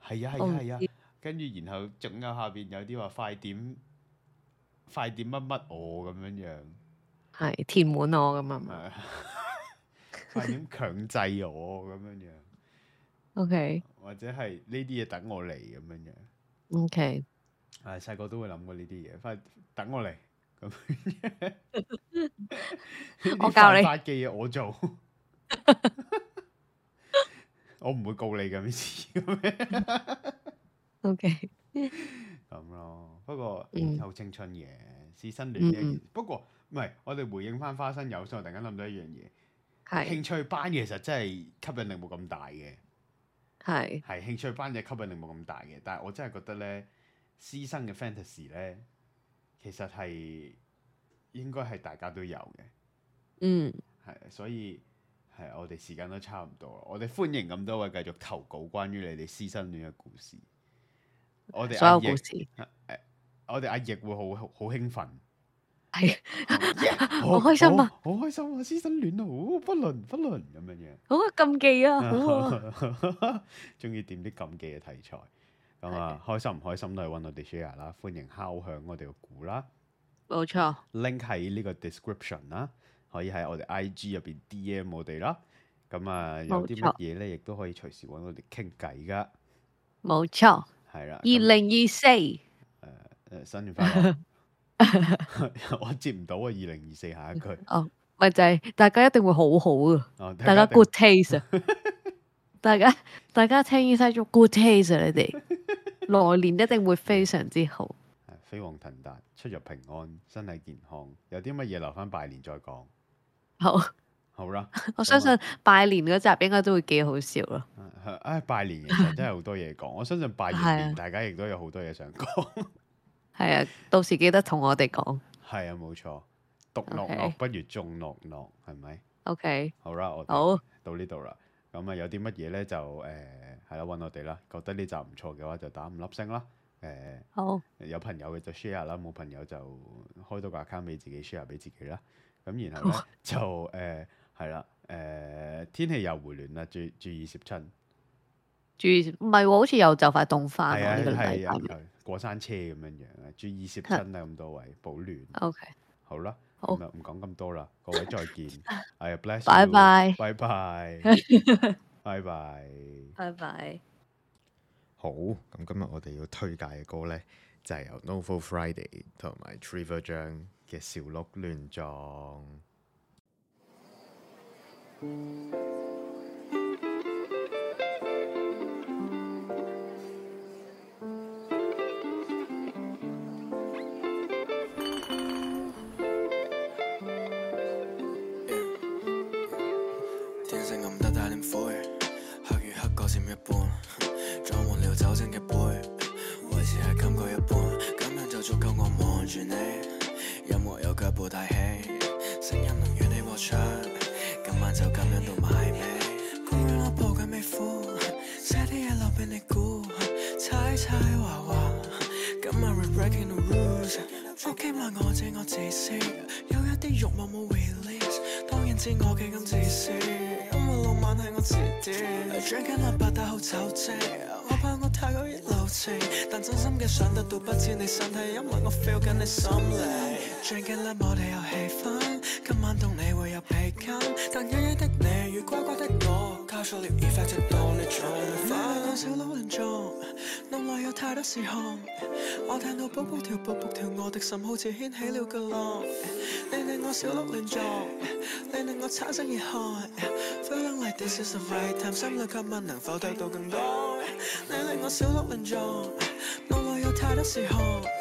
係啊，係啊，係啊。跟住 Okay.、啊、然後仲有下邊有啲話快點快點乜乜我咁樣樣，
係填滿我咁樣樣，快點強
制我咁樣樣。O Okay . K，或者係呢啲嘢等我嚟咁樣樣。O Okay . K，啊細個都會諗過呢啲嘢，快等我嚟。 法我，我教你，嘢 我做，我唔會告你咁嘅事。O K，咁咯，不過好、欸、青春嘅師、嗯、生戀嘅、嗯，不過唔係。我哋回應翻花生友，所以我突然間諗到一樣嘢，係是興趣班其實真係吸引力冇咁大嘅，係係是興趣班嘅吸引力冇咁大嘅，但係我真係覺得咧，師生嘅 fantasy 咧。其實係應該係大家都有嘅，嗯，係所以係我哋時間都差唔多，我哋歡迎咁多位繼續投稿關於你哋師生戀嘅故事。我哋所有故事，啊啊、我哋阿亦會好好，好興奮，係、哎、
呀好、 哦、開心啊、
哦好，好開心啊！師生戀啊，好不倫不倫咁樣嘢，
好禁忌啊，好
中意點啲禁忌嘅題材。咁啊，嗯、的開心唔開心都係揾我哋 share 啦，歡迎敲響我哋嘅鼓啦，
冇錯
錯。link 喺呢個 description 啦，可以喺我哋 IG 入邊 DM 我哋啦。咁、嗯、啊，有啲乜嘢咧，亦都可以隨時揾我哋傾偈噶，
冇錯錯。係、嗯、啦，二零二四，誒
誒、呃，新年
快樂！
我接唔到啊，二
零二四下一句。 哦，咪就係、是、大家一定會好好啊、哦，大家，大家 good taste 啊， 大家大家聽晒咗，叫 good taste 啊，你哋。來年一定會非常之好，
飛黃騰達、出入平安、身體健康，有啲乜嘢留翻拜年再講。好，好啦，
我相信拜年嗰集應該都會幾好笑咯。
誒，拜年其實真係好多嘢講，我相信拜完年大家亦都有好多嘢想講。
係啊，到時記得同我哋講。
係啊，冇錯，
獨樂樂不
如眾樂樂，係咪
？OK。好
啦，我好到呢度啦。咁啊，有啲乜嘢咧就誒。係啦，搵我哋啦，覺得呢集唔錯嘅話就打五粒星啦。誒、呃，好，oh. 有朋友嘅就 share 啦，冇朋友就開多個 account 俾自己 share 俾自己啦。咁然後咧、oh. 就誒係啦，誒、呃呃、天氣又回暖啦，注注意攝親，
注意唔係，好似又就快凍化係啊係啊，
過山車咁樣樣，注意攝親啊咁多位保暖。OK，好啦，好唔講咁多啦，各位再見。係啊 ，bless you 拜拜，拜拜。拜拜，拜拜，好。咁今日我哋要推介嘅歌呢，就係、是、由 Novel Friday 同埋 Triver 張嘅《小鹿亂撞》。
大起，聲音能與你和唱，今晚就咁樣度埋尾，今晚我抱緊你褲，set 啲嘢留俾你估，猜猜畫畫。今晚 we breaking the rules，屋企問我借我自私，有一啲欲望冇 release，當然知我幾咁自私，因為浪漫係我自點。drinking 啦好酒精，我怕我太過熱流情，但真心嘅想得到，不知你身體，因為我 feel 緊你心理。最近啦，我哋有氣氛，今晚同你會有鼻筋。但一一的你與乖乖的我，交錯了而發出多呢種。你令我小鹿亂撞，內裏有太多事項。我聽到卜卜跳卜卜跳，我的心好似掀起了巨浪。你令我小鹿亂撞，你令我產生熱汗。Feeling like this is the right time，探心裏今晚能否得到更多。你令我小鹿亂撞，內裏有太多事項。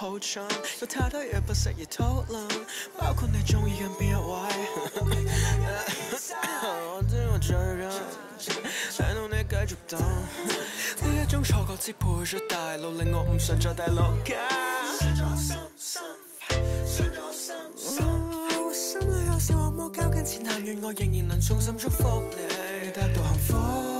後場有太多嘢不適宜討論，包括你中意緊邊一位 我我？我知我最啱，聽到你繼續等，呢一種錯覺只陪著大腦，令我唔想再第六家。傷、啊、我心，
傷
咗心，心裏有小惡魔，交緊前男友，願我仍然能衷心祝福你，你得到幸福。